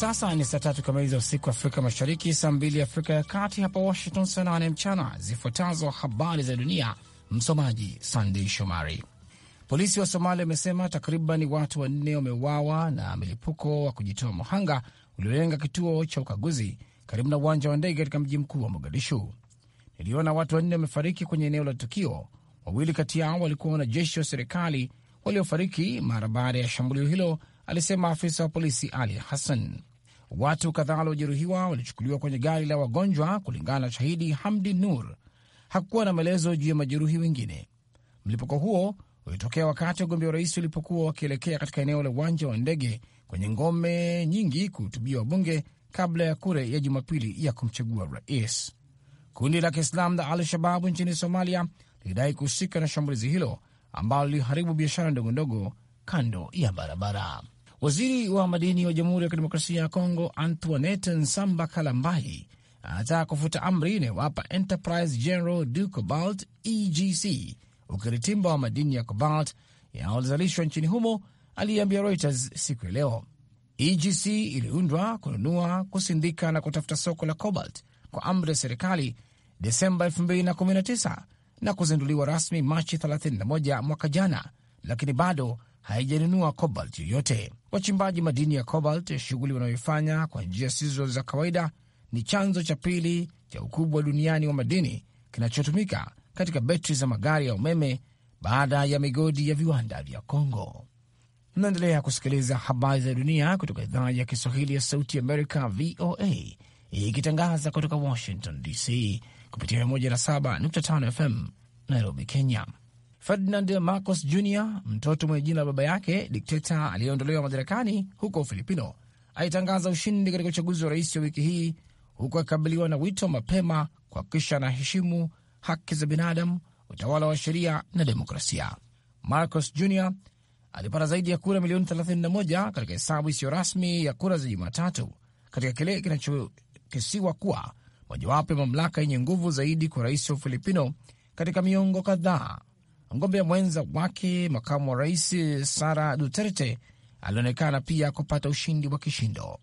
sasa ni saa tatu kamili za usiku Afrika Mashariki, saa mbili Afrika ya Kati, hapa Washington saa nane mchana. Zifuatazo habari za dunia, msomaji Sandei Shomari. Polisi wa Somalia wamesema takriban watu wanne wameuawa na milipuko wa kujitoa muhanga uliolenga kituo cha ukaguzi karibu na uwanja wa ndege katika mji mkuu wa Mogadishu. Niliona watu wanne wamefariki kwenye eneo la tukio. Wawili kati yao walikuwa wanajeshi wa serikali waliofariki mara baada ya shambulio hilo, alisema afisa wa polisi Ali Hassan. Watu kadhaa waliojeruhiwa walichukuliwa kwenye gari la wagonjwa, kulingana na shahidi Hamdi Nur. Hakukuwa na maelezo juu ya majeruhi wengine. Mlipuko huo ulitokea wakati wagombea urais walipokuwa wakielekea katika eneo la uwanja wa ndege kwenye ngome nyingi kuhutubia wabunge kabla ya kura ya Jumapili ya kumchagua rais. Kundi la Kiislamu la Al Shababu nchini Somalia lilidai kuhusika na shambulizi hilo ambalo liliharibu biashara ndogondogo kando ya barabara. Waziri wa madini wa Jamhuri ya Kidemokrasia ya Kongo Antoinette Nsamba Kalambahi anataka kufuta amri inayowapa Enterprise General du Cobalt EGC ukiritimba wa madini ya cobalt yanayozalishwa nchini humo, aliyeambia Reuters siku ya leo. EGC iliundwa kununua, kusindika na kutafuta soko la cobalt kwa amri ya serikali Desemba 2019 na kuzinduliwa rasmi Machi 31 mwaka jana, lakini bado haijanunua cobalt yoyote. Wachimbaji madini ya cobalt, shughuli wanayoifanya kwa njia sizo za kawaida, ni chanzo cha pili cha ukubwa duniani wa madini kinachotumika katika betri za magari ya umeme baada ya migodi ya viwanda vya Kongo. Mnaendelea kusikiliza habari za dunia kutoka idhaa ya Kiswahili ya Sauti Amerika, VOA, ikitangaza kutoka Washington DC kupitia 107.5 FM Nairobi, Kenya. Ferdinand Marcos Jr, mtoto mwenye jina la baba yake dikteta aliyeondolewa madarakani huko Ufilipino, alitangaza ushindi katika uchaguzi wa rais wa wiki hii, huku akikabiliwa na wito mapema kuhakikisha anaheshimu haki za binadamu, utawala wa sheria na demokrasia. Marcos Jr alipata zaidi ya kura milioni 31 katika hesabu isiyo rasmi ya kura za Jumatatu, katika kile kinachokisiwa kuwa mojawapo ya mamlaka yenye nguvu zaidi kwa rais wa Ufilipino katika miongo kadhaa, mgombea mwenza wake makamu wa rais Sara Duterte alionekana pia kupata ushindi wa kishindo.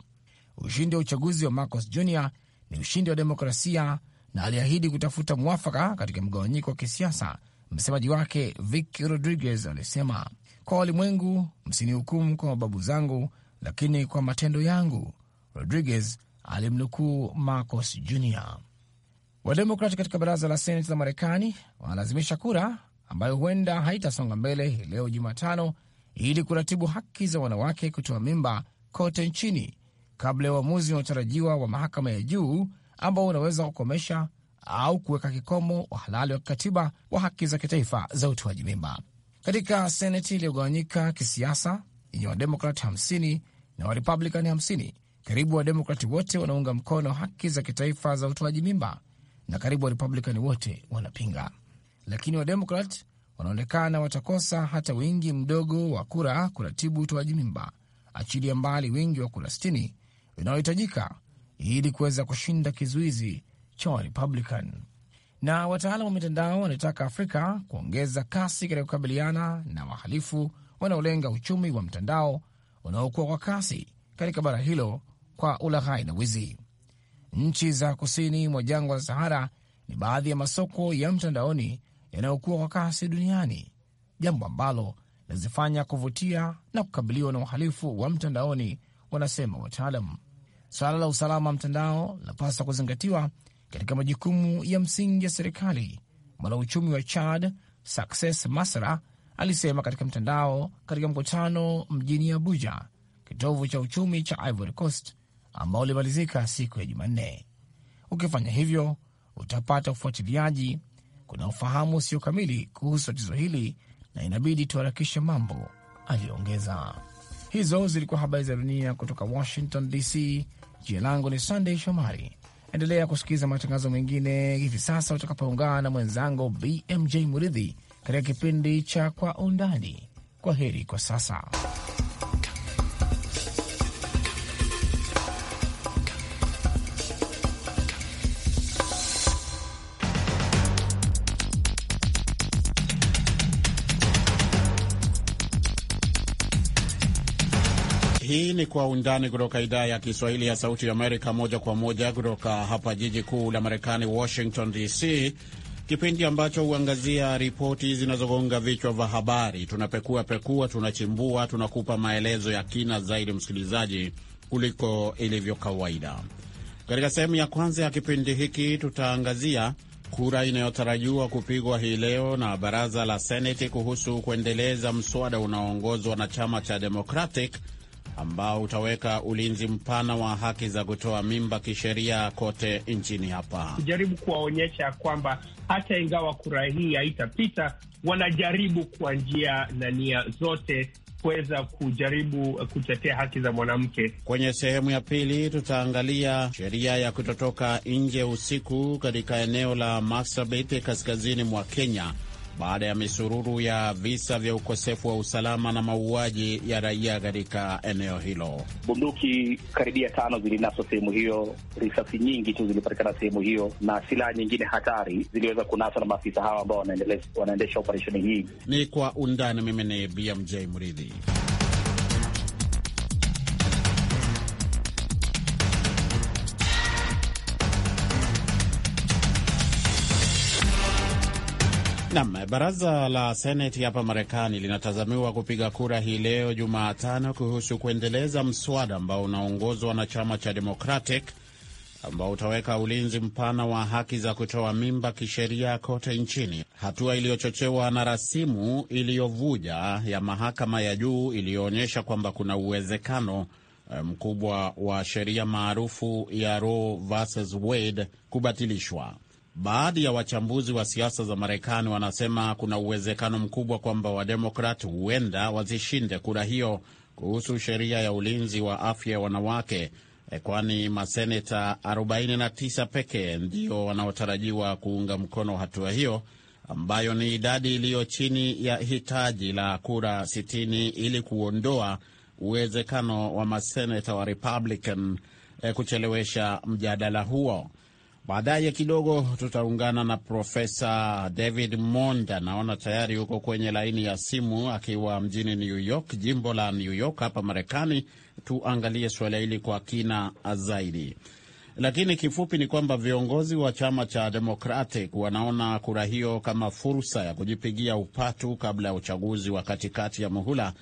Ushindi wa uchaguzi wa Marcos Jr ni ushindi wa demokrasia na aliahidi kutafuta mwafaka katika mgawanyiko wa kisiasa. Msemaji wake Vic Rodriguez alisema, kwa walimwengu, msinihukumu kwa mababu zangu, lakini kwa matendo yangu. Rodriguez alimnukuu Marcos Jr. Wademokrati katika baraza la seneti la Marekani wanalazimisha kura ambayo huenda haitasonga mbele hii leo Jumatano ili kuratibu haki za wanawake kutoa mimba kote nchini kabla ya uamuzi unaotarajiwa wa mahakama ya juu ambao unaweza kukomesha au kuweka kikomo uhalali wa kikatiba wa haki za kitaifa za utoaji mimba. Katika seneti iliyogawanyika kisiasa yenye Wademokrat 50 na Warepublikani 50, karibu Wademokrati wote wanaunga mkono haki za kitaifa za utoaji mimba na karibu Warepublikani wote wanapinga lakini Wademokrat wanaonekana watakosa hata wingi mdogo wa kura kuratibu utoaji mimba, achilia mbali wingi wa kura 60 inayohitajika ili kuweza kushinda kizuizi cha Warepublican. Na wataalam wa mitandao wanataka Afrika kuongeza kasi katika kukabiliana na wahalifu wanaolenga uchumi wa mtandao unaokuwa kwa kasi katika bara hilo kwa ulaghai na wizi. Nchi za kusini mwa jangwa la Sahara ni baadhi ya masoko ya mtandaoni yanayokuwa kwa kasi duniani, jambo ambalo linazifanya kuvutia na kukabiliwa na uhalifu wa mtandaoni, wanasema wataalam. Swala la usalama wa mtandao linapaswa kuzingatiwa katika majukumu ya msingi ya serikali, mwanauchumi wa Chad Success Masra alisema katika mtandao katika mkutano mjini Abuja, kitovu cha uchumi cha Ivory Coast, ambao ulimalizika siku ya Jumanne. Ukifanya hivyo utapata ufuatiliaji kuna ufahamu usio kamili kuhusu tatizo hili na inabidi tuharakishe mambo, aliongeza. Hizo zilikuwa habari za dunia kutoka Washington DC. Jina langu ni sandey Shomari. Endelea kusikiliza matangazo mengine hivi sasa utakapoungana na mwenzangu BMJ Muridhi katika kipindi cha Kwa Undani. Kwa heri kwa sasa. ni Kwa Undani kutoka idhaa ya Kiswahili ya Sauti ya Amerika, moja kwa moja kutoka hapa jiji kuu la Marekani, Washington DC, kipindi ambacho huangazia ripoti zinazogonga vichwa vya habari. Tunapekua pekua, tunachimbua, tunakupa maelezo ya kina zaidi, msikilizaji, kuliko ilivyo kawaida. Katika sehemu ya kwanza ya kipindi hiki tutaangazia kura inayotarajiwa kupigwa hii leo na baraza la Seneti kuhusu kuendeleza mswada unaoongozwa na chama cha Democratic ambao utaweka ulinzi mpana wa haki za kutoa mimba kisheria kote nchini hapa, kujaribu kuwaonyesha kwamba hata ingawa kura hii haitapita, wanajaribu kwa njia na nia zote kuweza kujaribu kutetea haki za mwanamke. Kwenye sehemu ya pili, tutaangalia sheria ya kutotoka nje usiku katika eneo la Marsabit kaskazini mwa Kenya baada ya misururu ya visa vya ukosefu wa usalama na mauaji ya raia katika eneo hilo. Bunduki karibia tano zilinaswa sehemu hiyo, risasi nyingi tu zilipatikana sehemu hiyo, na silaha nyingine hatari ziliweza kunaswa na maafisa hawa ambao wanaendesha operesheni hii. Ni kwa undani. Mimi ni BMJ Mridhi. Nam, baraza la seneti hapa Marekani linatazamiwa kupiga kura hii leo Jumatano kuhusu kuendeleza mswada ambao unaongozwa na chama cha Democratic ambao utaweka ulinzi mpana wa haki za kutoa mimba kisheria kote nchini, hatua iliyochochewa na rasimu iliyovuja ya mahakama ya juu iliyoonyesha kwamba kuna uwezekano eh, mkubwa wa sheria maarufu ya Roe versus Wade kubatilishwa. Baadhi ya wachambuzi wa siasa za Marekani wanasema kuna uwezekano mkubwa kwamba Wademokrat huenda wazishinde kura hiyo kuhusu sheria ya ulinzi wa afya ya wanawake, eh, kwani maseneta 49 pekee ndio wanaotarajiwa kuunga mkono hatua hiyo ambayo ni idadi iliyo chini ya hitaji la kura 60 ili kuondoa uwezekano wa maseneta wa Republican eh, kuchelewesha mjadala huo. Baadaye kidogo tutaungana na Profesa David Monda, naona tayari yuko kwenye laini ya simu akiwa mjini New York, jimbo la New York hapa Marekani. Tuangalie suala hili kwa kina zaidi, lakini kifupi ni kwamba viongozi wa chama cha Democratic wanaona kura hiyo kama fursa ya kujipigia upatu kabla ya uchaguzi wa katikati ya muhula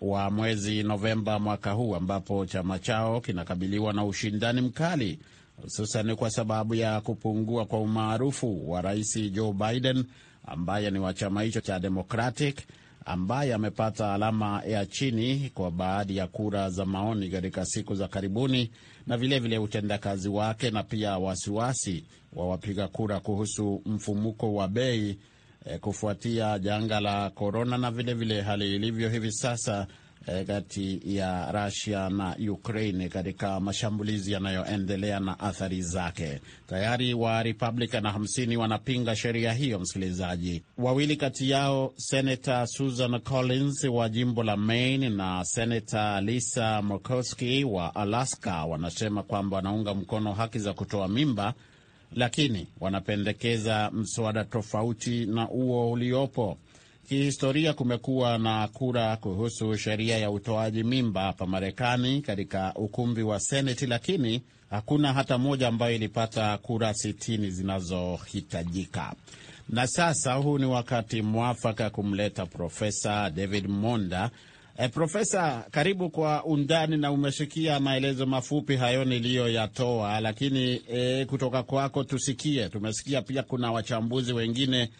wa mwezi Novemba mwaka huu ambapo chama chao kinakabiliwa na ushindani mkali hususan kwa sababu ya kupungua kwa umaarufu wa rais Joe Biden ambaye ni wa chama hicho cha Democratic ambaye amepata alama ya chini kwa baadhi ya kura za maoni katika siku za karibuni, na vilevile utendakazi wake na pia wasiwasi wa wapiga kura kuhusu mfumuko wa bei eh, kufuatia janga la korona na vilevile vile hali ilivyo hivi sasa Eh, kati ya Russia na Ukraine katika mashambulizi yanayoendelea na athari zake. Tayari wa Republican 50 wanapinga sheria hiyo, msikilizaji. Wawili kati yao Senator Susan Collins wa jimbo la Maine na Senator Lisa Murkowski wa Alaska wanasema kwamba wanaunga mkono haki za kutoa mimba, lakini wanapendekeza mswada tofauti na uo uliopo. Kihistoria kumekuwa na kura kuhusu sheria ya utoaji mimba hapa Marekani katika ukumbi wa Seneti, lakini hakuna hata moja ambayo ilipata kura sitini zinazohitajika. Na sasa huu ni wakati mwafaka kumleta Profesa David Monda. E, Profesa, karibu kwa undani. Na umesikia maelezo mafupi hayo niliyoyatoa, lakini e, kutoka kwako tusikie. Tumesikia pia kuna wachambuzi wengine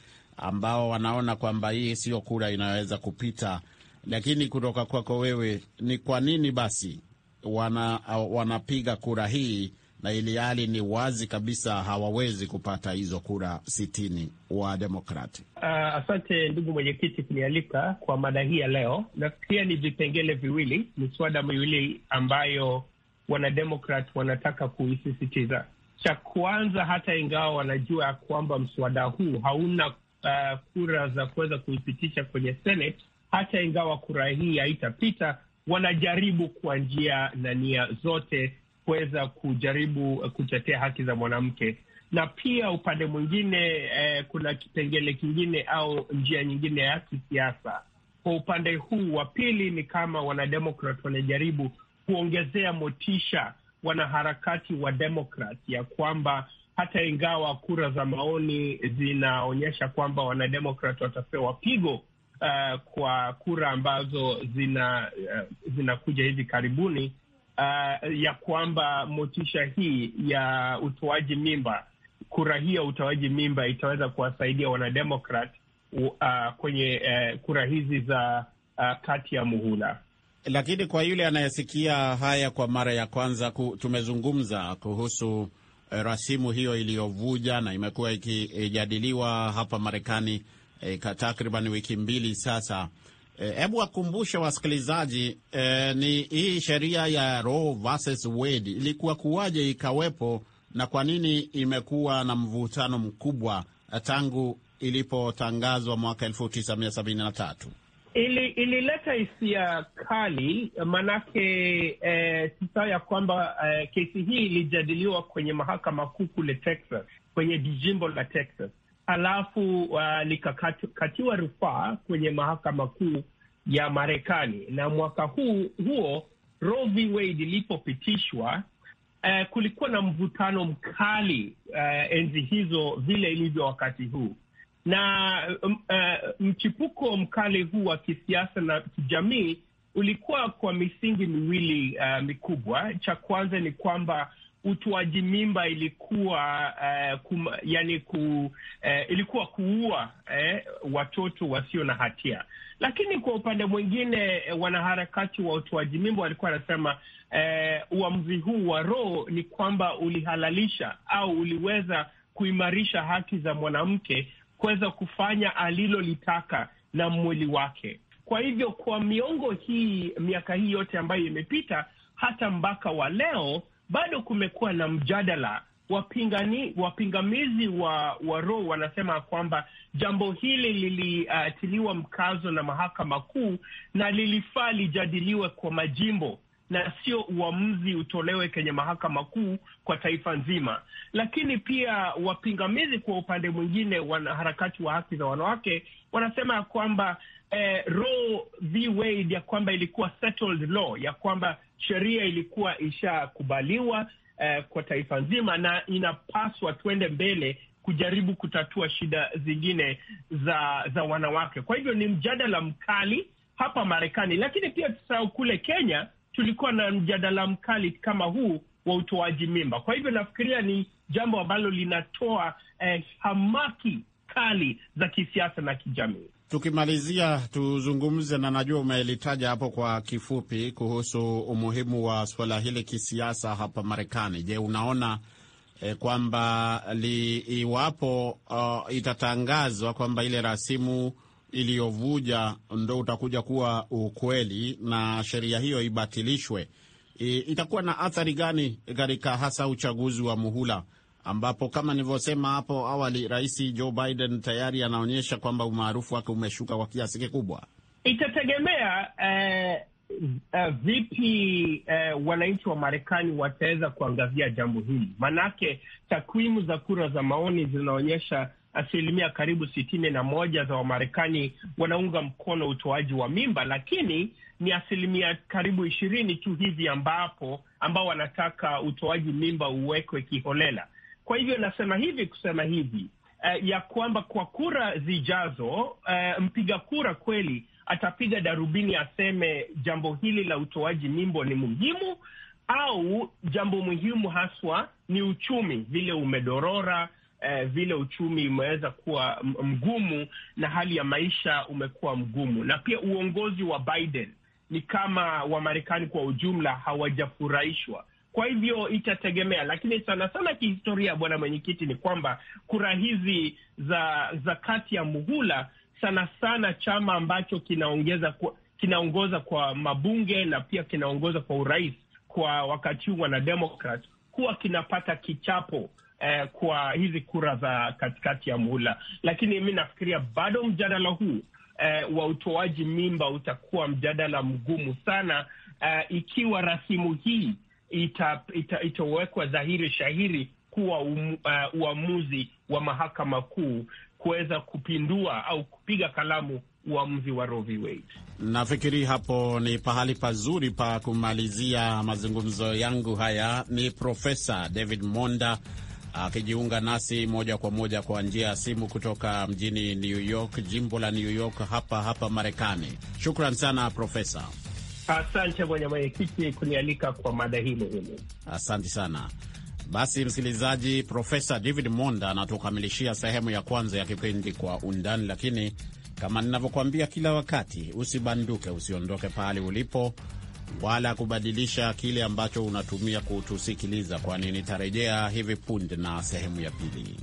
ambao wanaona kwamba hii siyo kura inaweza kupita. Lakini kutoka kwako wewe, ni kwa nini basi wana wanapiga kura hii na ili hali ni wazi kabisa hawawezi kupata hizo kura sitini wa Demokrati. Uh, ah, asante ndugu mwenyekiti kunialika kwa mada hii ya leo. Nafikiria ni vipengele viwili, miswada miwili ambayo wanademokrat wanataka kuisisitiza. Cha kwanza, hata ingawa wanajua ya kwamba mswada huu hauna uh, kura za kuweza kuipitisha kwenye Senate, hata ingawa kura hii haitapita, wanajaribu kwa njia na nia zote kuweza kujaribu uh, kutetea haki za mwanamke. Na pia upande mwingine eh, kuna kipengele kingine au njia nyingine ya kisiasa. Kwa upande huu wa pili, ni kama wanademokrat wanajaribu kuongezea motisha wanaharakati wa demokrat ya kwamba hata ingawa kura za maoni zinaonyesha kwamba wanademokrat watapewa pigo uh, kwa kura ambazo zina uh, zinakuja hivi karibuni uh, ya kwamba motisha hii ya utoaji mimba, kura hii ya utoaji mimba itaweza kuwasaidia wanademokrat uh, kwenye uh, kura hizi za uh, kati ya muhula lakini kwa yule anayesikia haya kwa mara ya kwanza tumezungumza kuhusu Eh, rasimu hiyo iliyovuja na imekuwa ikijadiliwa hapa Marekani e, takriban wiki mbili sasa. Eh, hebu e, wakumbushe wasikilizaji e, ni hii sheria ya Roe versus Wade ilikuwa kuwaje ikawepo na kwa nini imekuwa na mvutano mkubwa tangu ilipotangazwa mwaka 1973? ili ilileta hisia kali manake eh, sisao ya kwamba eh, kesi hii ilijadiliwa kwenye mahakama kuu kule Texas, kwenye jimbo la Texas, halafu uh, ah, likakatiwa rufaa kwenye mahakama kuu ya Marekani. Na mwaka huu huo Roe v. Wade ilipopitishwa, eh, kulikuwa na mvutano mkali eh, enzi hizo vile ilivyo wakati huu na um, uh, mchipuko mkali huu wa kisiasa na kijamii ulikuwa kwa misingi miwili uh, mikubwa. Cha kwanza ni kwamba utoaji mimba ilikuwa uh, kum, yani ku, uh, ilikuwa kuua uh, watoto wasio na hatia, lakini kwa upande mwingine eh, wanaharakati wa utoaji mimba walikuwa wanasema uh, uamuzi huu wa Roe ni kwamba ulihalalisha au uliweza kuimarisha haki za mwanamke kuweza kufanya alilolitaka na mwili wake. Kwa hivyo kwa miongo hii, miaka hii yote ambayo imepita, hata mpaka wa leo bado kumekuwa na mjadala. Wapingani, wapingamizi wa, wa Roe wanasema kwamba jambo hili lilitiliwa uh, mkazo na mahakama kuu na lilifaa lijadiliwe kwa majimbo na sio uamuzi utolewe kwenye mahakama kuu kwa taifa nzima. Lakini pia wapingamizi kwa upande mwingine, wanaharakati wa haki za wanawake wanasema ya kwamba eh, Roe v. Wade ya kwamba ilikuwa settled law, ya kwamba sheria ilikuwa ishakubaliwa eh, kwa taifa nzima na inapaswa tuende mbele kujaribu kutatua shida zingine za za wanawake. Kwa hivyo ni mjadala mkali hapa Marekani, lakini pia tusahau kule Kenya tulikuwa na mjadala mkali kama huu wa utoaji mimba. Kwa hivyo nafikiria ni jambo ambalo linatoa eh, hamaki kali za kisiasa na kijamii. Tukimalizia tuzungumze na, najua umelitaja hapo kwa kifupi kuhusu umuhimu wa suala hili kisiasa hapa Marekani. Je, unaona eh, kwamba iwapo uh, itatangazwa kwamba ile rasimu iliyovuja ndo utakuja kuwa ukweli na sheria hiyo ibatilishwe, itakuwa na athari gani katika hasa uchaguzi wa muhula ambapo kama nilivyosema hapo awali, Rais Joe Biden tayari anaonyesha kwamba umaarufu wake umeshuka kwa kiasi kikubwa. Itategemea eh, eh, vipi eh, wananchi wa Marekani wataweza kuangazia jambo hili, maanake takwimu za kura za maoni zinaonyesha asilimia karibu sitini na moja za Wamarekani wanaunga mkono utoaji wa mimba, lakini ni asilimia karibu ishirini tu hivi ambapo ambao wanataka utoaji mimba uwekwe kiholela. Kwa hivyo nasema hivi kusema hivi uh, ya kwamba kwa kura zijazo uh, mpiga kura kweli atapiga darubini aseme jambo hili la utoaji mimbo ni muhimu au jambo muhimu haswa ni uchumi, vile umedorora eh, vile uchumi umeweza kuwa mgumu na hali ya maisha umekuwa mgumu, na pia uongozi wa Biden ni kama Wamarekani kwa ujumla hawajafurahishwa. Kwa hivyo itategemea, lakini sana sana kihistoria, bwana mwenyekiti, ni kwamba kura hizi za za kati ya muhula sana sana chama ambacho kinaongeza kinaongoza kwa mabunge na pia kinaongoza kwa urais kwa wakati huu wanademokrat huwa kinapata kichapo eh, kwa hizi kura za katikati ya muhula, lakini mi nafikiria bado mjadala huu eh, wa utoaji mimba utakuwa mjadala mgumu sana eh, ikiwa rasimu hii itawekwa ita, ita dhahiri shahiri kuwa um, uh, uamuzi wa mahakama kuu kuweza kupindua au kupiga kalamu uamuzi wa Roe v. Wade. Nafikiri hapo ni pahali pazuri pa kumalizia mazungumzo yangu haya. Ni Profesa David Monda akijiunga nasi moja kwa moja kwa njia ya simu kutoka mjini New York, jimbo la New York hapa hapa Marekani. Shukran sana Profesa. Asante bwana mwenyekiti kunialika kwa mada hilo hili. Asante sana. Basi msikilizaji, Profesa David Monda anatukamilishia sehemu ya kwanza ya kipindi Kwa Undani, lakini kama ninavyokuambia kila wakati, usibanduke, usiondoke pahali ulipo wala kubadilisha kile ambacho unatumia kutusikiliza, kwani nitarejea hivi punde na sehemu ya pili.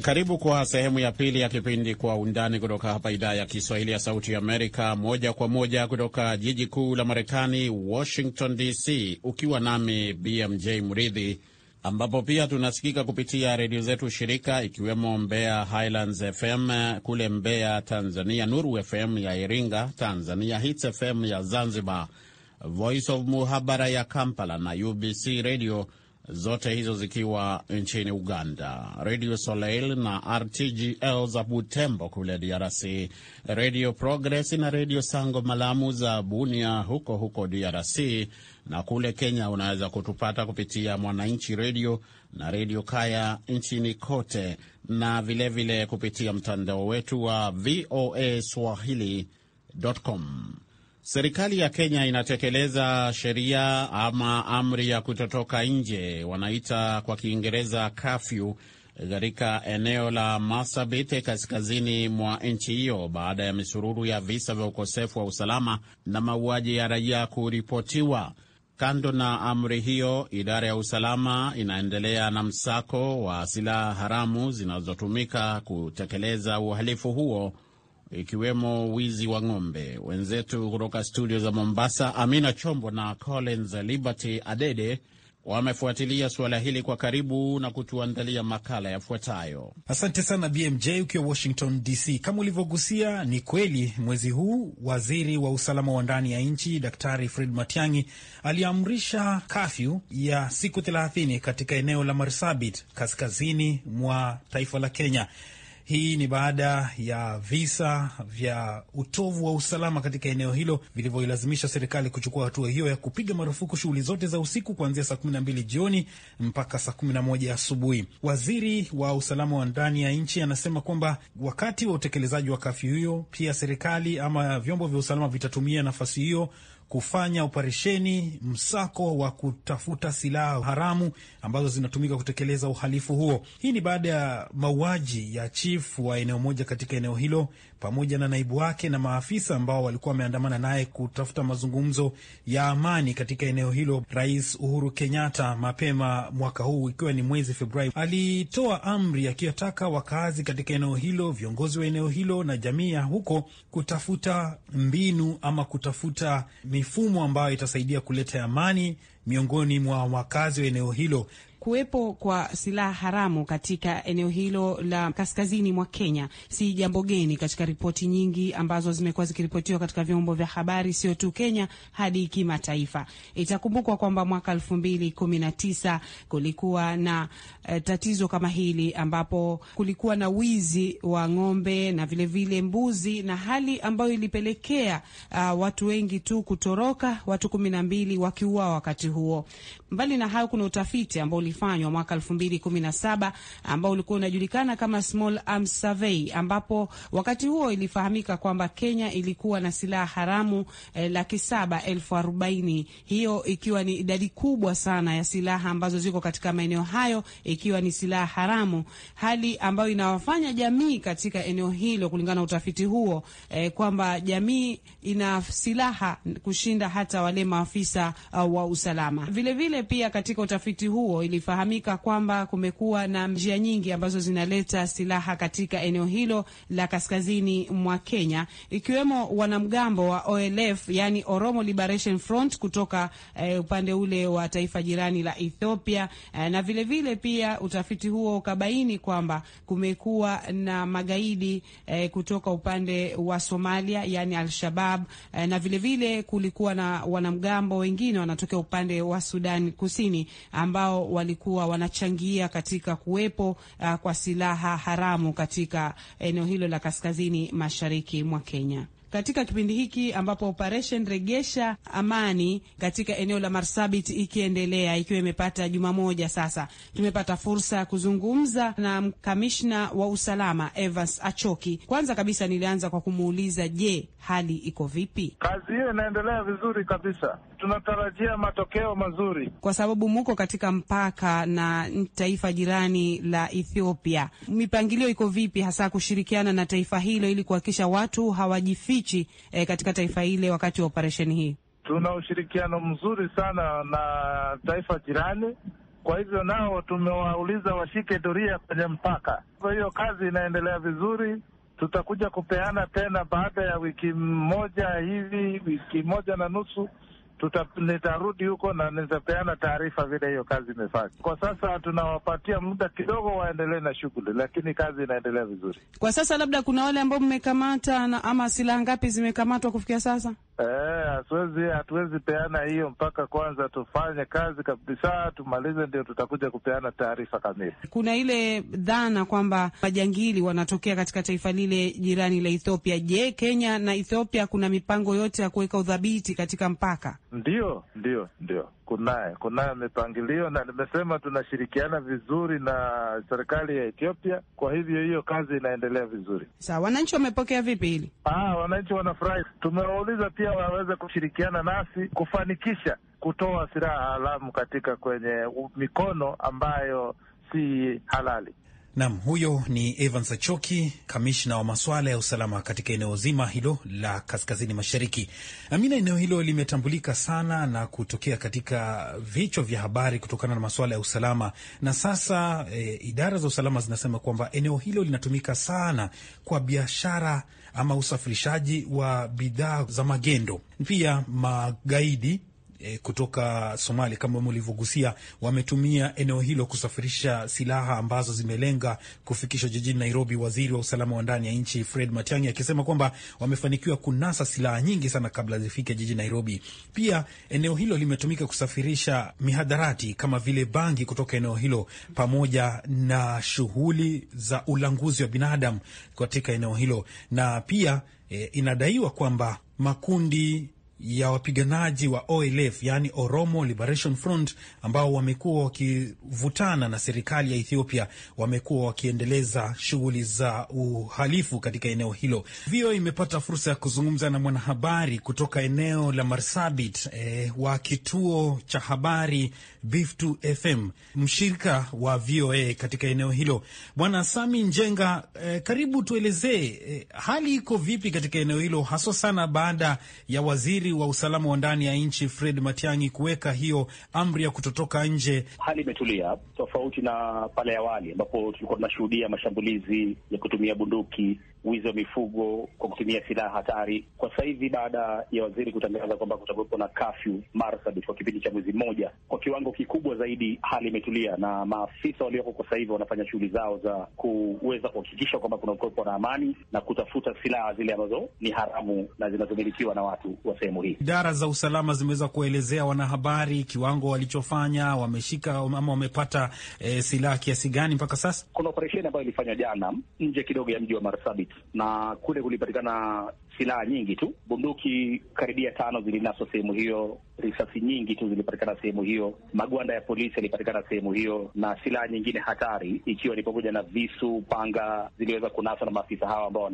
Karibu kwa sehemu ya pili ya kipindi Kwa Undani kutoka hapa idhaa ya Kiswahili ya Sauti ya Amerika, moja kwa moja kutoka jiji kuu la Marekani, Washington DC, ukiwa nami BMJ Mridhi, ambapo pia tunasikika kupitia redio zetu shirika, ikiwemo Mbeya Highlands FM kule Mbeya, Tanzania, Nuru FM ya Iringa, Tanzania, Hits FM ya Zanzibar, Voice of Muhabara ya Kampala na UBC Radio zote hizo zikiwa nchini Uganda. Radio Soleil na RTGL za Butembo kule DRC, Radio Progress na Radio Sango Malamu za Bunia huko huko DRC, na kule Kenya unaweza kutupata kupitia Mwananchi Redio na Redio Kaya nchini kote, na vilevile vile kupitia mtandao wetu wa VOA Swahili.com. Serikali ya Kenya inatekeleza sheria ama amri ya kutotoka nje, wanaita kwa Kiingereza kafyu, katika eneo la Masabit kaskazini mwa nchi hiyo baada ya misururu ya visa vya ukosefu wa usalama na mauaji ya raia kuripotiwa. Kando na amri hiyo, idara ya usalama inaendelea na msako wa silaha haramu zinazotumika kutekeleza uhalifu huo ikiwemo wizi wa ng'ombe. Wenzetu kutoka studio za Mombasa, Amina Chombo na Collins Liberty Adede wamefuatilia suala hili kwa karibu na kutuandalia makala yafuatayo. Asante sana BMJ ukiwa Washington DC. Kama ulivyogusia, ni kweli mwezi huu waziri wa usalama wa ndani ya nchi Daktari Fred Matiang'i aliamrisha kafyu ya siku 30 katika eneo la Marsabit kaskazini mwa taifa la Kenya hii ni baada ya visa vya utovu wa usalama katika eneo hilo vilivyoilazimisha serikali kuchukua hatua hiyo ya kupiga marufuku shughuli zote za usiku kuanzia saa mbili jioni mpaka saa moja asubuhi. Waziri wa usalama wa ndani ya nchi anasema kwamba wakati wa utekelezaji wa kafyu hiyo, pia serikali ama vyombo vya usalama vitatumia nafasi hiyo kufanya operesheni msako wa kutafuta silaha haramu ambazo zinatumika kutekeleza uhalifu huo. Hii ni baada ya mauaji ya chifu wa eneo moja katika eneo hilo pamoja na naibu wake na maafisa ambao walikuwa wameandamana naye kutafuta mazungumzo ya amani katika eneo hilo. Rais Uhuru Kenyatta mapema mwaka huu, ikiwa ni mwezi Februari, alitoa amri akiwataka wakaazi katika eneo hilo, viongozi wa eneo hilo na jamii ya huko kutafuta mbinu ama kutafuta mifumo ambayo itasaidia kuleta amani miongoni mwa wakazi wa eneo hilo kuwepo kwa silaha haramu katika eneo hilo la kaskazini mwa Kenya si jambo geni katika ripoti nyingi ambazo zimekuwa zikiripotiwa katika vyombo vya habari, sio tu Kenya hadi kimataifa. Itakumbukwa kwamba mwaka elfu mbili kumi na tisa kulikuwa na e, tatizo kama hili ambapo kulikuwa na wizi wa ng'ombe na vilevile vile mbuzi na hali ambayo ilipelekea uh, watu wengi tu kutoroka, watu kumi na mbili wakiuawa wakati huo. Mbali na hayo kuna utafiti ambao ulifanywa mwaka 2017 ambao ulikuwa unajulikana kama Small Arms Survey, ambapo wakati huo ilifahamika kwamba Kenya ilikuwa na silaha haramu eh, laki saba elfu arobaini, hiyo ikiwa ni idadi kubwa sana ya silaha ambazo ziko katika maeneo hayo, ikiwa ni silaha haramu, hali ambayo inawafanya jamii katika eneo hilo, kulingana na utafiti huo eh, kwamba jamii ina silaha kushinda hata wale maafisa uh, wa usalama. Vilevile vile pia katika utafiti huo ili Ifahamika kwamba kumekuwa na njia nyingi ambazo zinaleta silaha katika eneo hilo la kaskazini mwa Kenya, ikiwemo wanamgambo wa OLF, yani Oromo Liberation Front kutoka eh, upande ule wa taifa jirani la Ethiopia eh, na vilevile vile pia utafiti huo ukabaini kwamba kumekuwa na magaidi eh, kutoka upande wa Somalia yani Al-Shabab eh, na vilevile vile kulikuwa na wanamgambo wengine wanatokea upande wa Sudan Kusini ambao wali walikuwa wanachangia katika kuwepo uh, kwa silaha haramu katika eneo hilo la kaskazini mashariki mwa Kenya katika kipindi hiki ambapo operation regesha amani katika eneo la Marsabit ikiendelea ikiwa imepata juma moja sasa, tumepata fursa ya kuzungumza na kamishna wa usalama Evans Achoki. Kwanza kabisa nilianza kwa kumuuliza, je, hali iko vipi? Kazi hiyo inaendelea vizuri kabisa, tunatarajia matokeo mazuri kwa sababu muko katika mpaka na taifa jirani la Ethiopia. Mipangilio iko vipi, hasa kushirikiana na taifa hilo ili kuhakikisha watu hawajifiki hichi e, katika taifa hile wakati wa operesheni hii? Tuna ushirikiano mzuri sana na taifa jirani, kwa hivyo nao tumewauliza washike doria kwenye mpaka. Kwa hiyo kazi inaendelea vizuri. Tutakuja kupeana tena baada ya wiki moja hivi, wiki moja na nusu tuta, nitarudi huko na nitapeana taarifa vile hiyo kazi imefanya. Kwa sasa tunawapatia muda kidogo waendelee na shughuli, lakini kazi inaendelea vizuri kwa sasa. Labda kuna wale ambao mmekamata ama silaha ngapi zimekamatwa kufikia sasa? Eh, hatuwezi e, hatuwezi peana hiyo mpaka kwanza tufanye kazi kabisa tumalize, ndio tutakuja kupeana taarifa kamili. Kuna ile dhana kwamba majangili wanatokea katika taifa lile jirani la Ethiopia. Je, Kenya na Ethiopia kuna mipango yote ya kuweka udhabiti katika mpaka? Ndio, ndio, ndio, kunaye kunayo mipangilio, na nimesema tunashirikiana vizuri na serikali ya Ethiopia. Kwa hivyo hiyo kazi inaendelea vizuri. Sawa, wananchi wamepokea vipi hili? Ah, wananchi wanafurahi. Tumewauliza pia waweze kushirikiana nasi kufanikisha kutoa silaha haramu katika kwenye mikono ambayo si halali. Nam, huyo ni Evans Achoki, kamishna wa masuala ya usalama katika eneo zima hilo la kaskazini mashariki. Amina, eneo hilo limetambulika sana na kutokea katika vichwa vya habari kutokana na masuala ya usalama, na sasa e, idara za usalama zinasema kwamba eneo hilo linatumika sana kwa biashara ama usafirishaji wa bidhaa za magendo, pia magaidi eh, kutoka Somali kama mlivyogusia, wametumia eneo hilo kusafirisha silaha ambazo zimelenga kufikishwa jijini Nairobi. Waziri wa usalama wa ndani ya nchi Fred Matiang'i akisema kwamba wamefanikiwa kunasa silaha nyingi sana kabla zifike jijini Nairobi. Pia eneo hilo limetumika kusafirisha mihadarati kama vile bangi kutoka eneo hilo pamoja na shughuli za ulanguzi wa binadamu katika eneo hilo na pia e, inadaiwa kwamba makundi ya wapiganaji wa OLF yani Oromo Liberation Front ambao wamekuwa wakivutana na serikali ya Ethiopia, wamekuwa wakiendeleza shughuli za uhalifu katika eneo hilo. Vio imepata fursa ya kuzungumza na mwanahabari kutoka eneo la Marsabit eh, wa kituo cha habari 2 FM, mshirika wa VOA katika eneo hilo. Bwana Sami Njenga, eh, karibu tuelezee, eh, hali iko vipi katika eneo hilo haswa sana baada ya waziri waziri wa usalama wa ndani ya nchi Fred Matiang'i kuweka hiyo amri ya kutotoka nje, hali imetulia tofauti na pale awali ambapo tulikuwa tunashuhudia mashambulizi ya kutumia bunduki wizi wa mifugo kwa kutumia silaha hatari. Kwa sasa hivi, baada ya waziri kutangaza kwamba kutakuwepo na kafyu marsabit kwa kipindi cha mwezi mmoja, kwa kiwango kikubwa zaidi hali imetulia, na maafisa walioko kwa sasa hivi wanafanya shughuli zao za kuweza kuhakikisha kwamba kunakuwepo na amani na kutafuta silaha zile ambazo ni haramu na zinazomilikiwa na watu wa sehemu hii. Idara za usalama zimeweza kuwaelezea wanahabari kiwango walichofanya, wameshika ama wamepata e, silaha kiasi gani mpaka sasa. Kuna operesheni ambayo ilifanywa jana nje kidogo ya mji wa Marsabit na kule kulipatikana silaha nyingi tu, bunduki karibia tano zilinaswa sehemu hiyo, risasi nyingi tu zilipatikana sehemu hiyo, magwanda ya polisi yalipatikana sehemu hiyo, na silaha nyingine hatari, ikiwa ni pamoja na visu, panga, ziliweza kunaswa na maafisa hawa ambao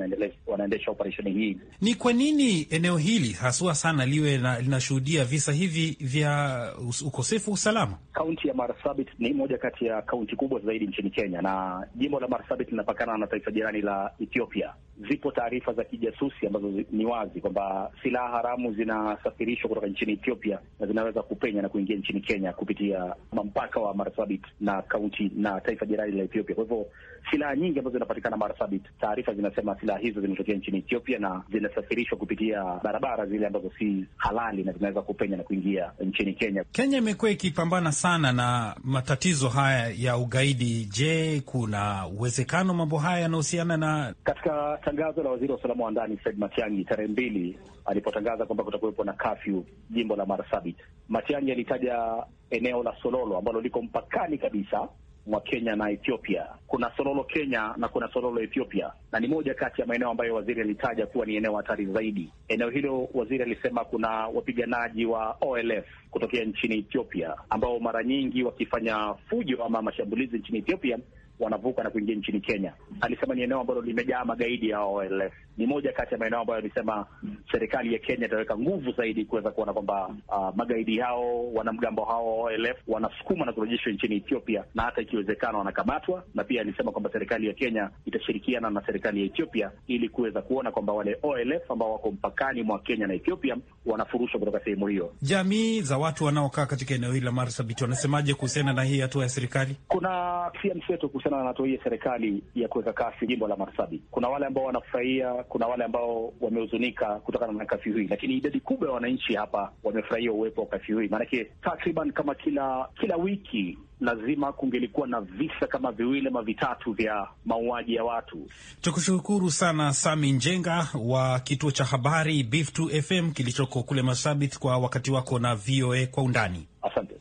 wanaendesha operesheni hii. Ni kwa nini eneo hili haswa sana liwe na, linashuhudia visa hivi vya ukosefu wa usalama? Kaunti ya Marsabit ni moja kati ya kaunti kubwa zaidi nchini Kenya, na jimbo la Marsabit linapakana na taifa jirani la Ethiopia zipo taarifa za kijasusi ambazo ni wazi kwamba silaha haramu zinasafirishwa kutoka nchini Ethiopia na zinaweza kupenya na kuingia nchini Kenya kupitia mpaka wa Marsabit na kaunti na taifa jirani la Ethiopia. Kwa hivyo silaha nyingi ambazo zinapatikana Marsabit, taarifa zinasema silaha hizo zimetokea nchini Ethiopia na zinasafirishwa kupitia barabara zile ambazo si halali na zinaweza kupenya na kuingia nchini Kenya. Kenya imekuwa ikipambana sana na matatizo haya ya ugaidi. Je, kuna uwezekano mambo haya yanahusiana na katika tangazo la waziri wa usalama wa ndani Said Matiang'i tarehe mbili alipotangaza kwamba kutakuwepo na kafyu jimbo la Marsabit. Matiang'i alitaja eneo la Sololo ambalo liko mpakani kabisa mwa Kenya na Ethiopia. Kuna Sololo Kenya na kuna Sololo Ethiopia, na ni moja kati ya maeneo ambayo waziri alitaja kuwa ni eneo hatari zaidi. Eneo hilo waziri alisema kuna wapiganaji wa OLF kutokea nchini Ethiopia ambao mara nyingi wakifanya fujo ama mashambulizi nchini Ethiopia wanavuka na kuingia nchini Kenya. Alisema ni eneo ambalo limejaa magaidi ya OLF. Ni moja kati ya maeneo ambayo alisema serikali ya Kenya itaweka nguvu zaidi kuweza kuona kwamba uh, magaidi hao, wanamgambo hao OLF wanasukuma na kurejeshwa nchini Ethiopia, na hata ikiwezekana wanakamatwa. Na pia alisema kwamba serikali ya Kenya itashirikiana na serikali ya Ethiopia ili kuweza kuona kwamba wale OLF ambao wako mpakani mwa Kenya na Ethiopia wanafurushwa kutoka sehemu hiyo. Jamii za watu wanaokaa katika eneo hili la Marsabit wanasemaje kuhusiana na hii hatua ya serikali? Kuna pia mseto sana na hii serikali ya kuweka kasi jimbo la Marsabit. Kuna wale ambao wanafurahia, kuna wale ambao wamehuzunika kutokana na kafyu hii, lakini idadi kubwa ya wananchi hapa wamefurahia uwepo wa kafyu hii, maanake takriban kama kila kila wiki lazima kungelikuwa na visa kama viwili ama vitatu vya mauaji ya watu. Tukushukuru sana Sami Njenga wa kituo cha habari Bif2 FM kilichoko kule Masabit kwa wakati wako na VOA kwa undani.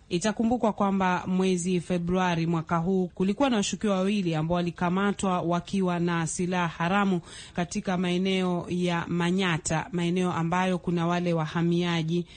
Itakumbukwa kwamba mwezi Februari mwaka huu kulikuwa na washukiwa wawili ambao walikamatwa wakiwa na silaha haramu katika maeneo ya Manyata, maeneo ambayo kuna wale wahamiaji.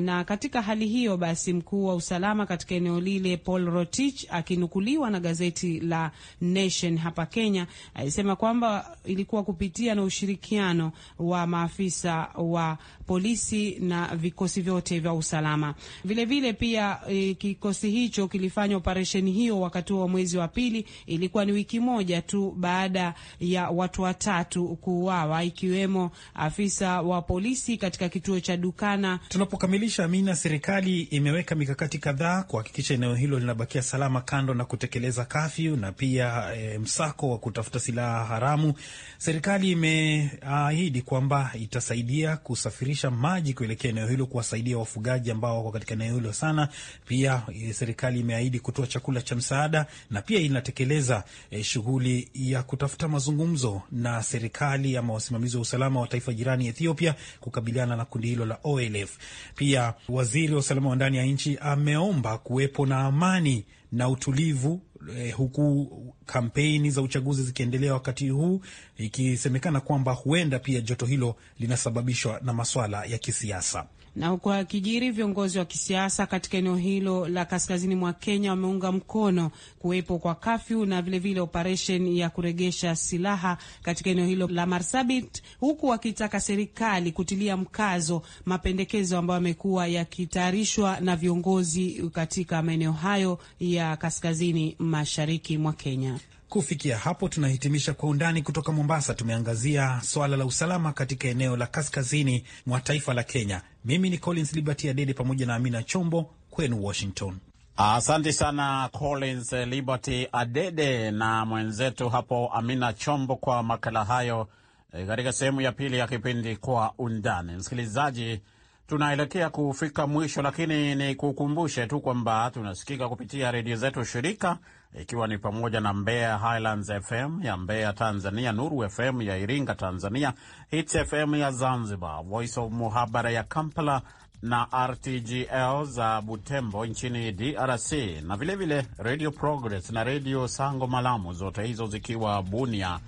Na katika hali hiyo basi, mkuu wa usalama katika eneo lile Paul Cherotich akinukuliwa na gazeti la Nation hapa Kenya alisema kwamba ilikuwa kupitia na ushirikiano wa maafisa wa polisi na vikosi vyote vya usalama. Vilevile vile pia e, kikosi hicho kilifanya operesheni hiyo wakati wa mwezi wa pili, ilikuwa ni wiki moja tu baada ya watu watatu kuuawa, ikiwemo afisa wa polisi katika kituo cha Dukana. Tunapokamilisha Amina, serikali imeweka mikakati kadhaa kuhakikisha eneo hilo linabakia salama, kando na kutekeleza kafyu na pia e, msako wa kutafuta silaha haramu. Serikali imeahidi kwamba itasaidia kusafirisha kusafirisha maji kuelekea eneo hilo kuwasaidia wafugaji ambao wako katika eneo hilo sana. Pia e, serikali imeahidi kutoa chakula cha msaada na pia inatekeleza eh, shughuli ya kutafuta mazungumzo na serikali ama wasimamizi wa usalama wa taifa jirani Ethiopia kukabiliana na kundi hilo la OLF. Pia waziri wa usalama wa ndani ya nchi ameomba kuwepo na amani na utulivu eh, huku kampeni za uchaguzi zikiendelea wakati huu, ikisemekana kwamba huenda pia joto hilo linasababishwa na maswala ya kisiasa. Na huku akijiri, viongozi wa kisiasa katika eneo hilo la kaskazini mwa Kenya wameunga mkono kuwepo kwa kafyu na vilevile operesheni ya kuregesha silaha katika eneo hilo la Marsabit, huku wakitaka serikali kutilia mkazo mapendekezo ambayo yamekuwa yakitayarishwa na viongozi katika maeneo hayo ya kaskazini mashariki mwa Kenya. Kufikia hapo tunahitimisha Kwa Undani kutoka Mombasa. Tumeangazia swala la usalama katika eneo la kaskazini mwa taifa la Kenya. Mimi ni Collins Liberty Adede pamoja na Amina Chombo kwenu Washington. Asante sana Collins Liberty Adede na mwenzetu hapo Amina Chombo kwa makala hayo eh, katika sehemu ya pili ya kipindi Kwa Undani. Msikilizaji, tunaelekea kufika mwisho, lakini ni kukumbushe tu kwamba tunasikika kupitia redio zetu shirika ikiwa ni pamoja na Mbeya Highlands FM ya Mbeya Tanzania, Nuru FM ya Iringa Tanzania, Hits FM ya Zanzibar, Voice of Muhabara ya Kampala na RTGL za Butembo nchini DRC na vilevile Radio Progress na Radio Sango Malamu, zote hizo zikiwa Bunia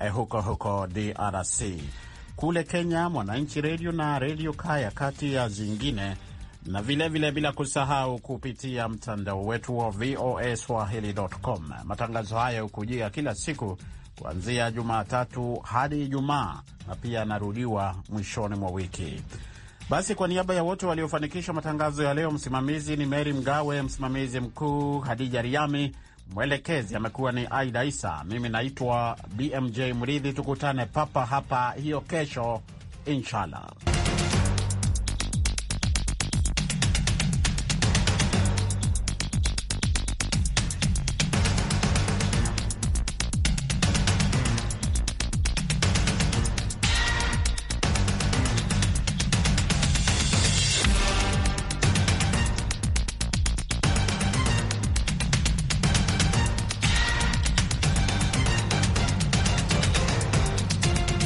eh, huko huko DRC. Kule Kenya, Mwananchi redio na Redio Kaya kati ya zingine na vilevile vile bila kusahau kupitia mtandao wetu wa VOA Swahili.com. Matangazo haya hukujia kila siku kuanzia Jumatatu hadi Ijumaa na pia yanarudiwa mwishoni mwa wiki. Basi kwa niaba ya wote waliofanikisha matangazo ya leo, msimamizi ni Meri Mgawe, msimamizi mkuu Hadija Riami, mwelekezi amekuwa ni Aida Isa, mimi naitwa BMJ Mridhi. Tukutane papa hapa hiyo kesho, inshallah.